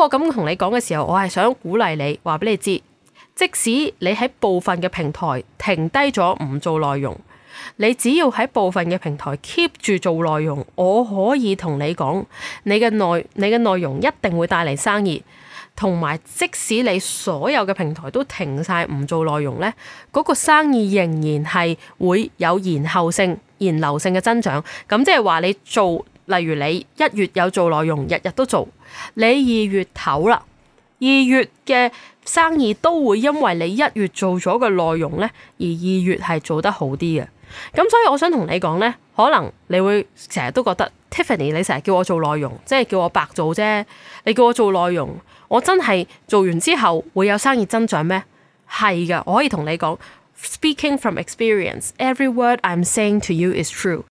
我咁同你講嘅時候，我係想鼓勵你，話俾你知，即使你喺部分嘅平台停低咗唔做內容，你只要喺部分嘅平台 keep 住做內容，我可以同你講，你嘅內你嘅內容一定會帶嚟生意。同埋，即使你所有嘅平台都停晒唔做內容，呢嗰個生意仍然係會有延後性、延流性嘅增長。咁即係話你做。例如你一月有做內容，日日都做，你二月頭啦，二月嘅生意都會因為你一月做咗嘅內容呢，而二月係做得好啲嘅。咁所以我想同你講呢，可能你會成日都覺得 Tiffany，你成日叫我做內容，即係叫我白做啫。你叫我做內容，我真係做完之後會有生意增長咩？係嘅，我可以同你講，Speaking from experience，every word I'm saying to you is true。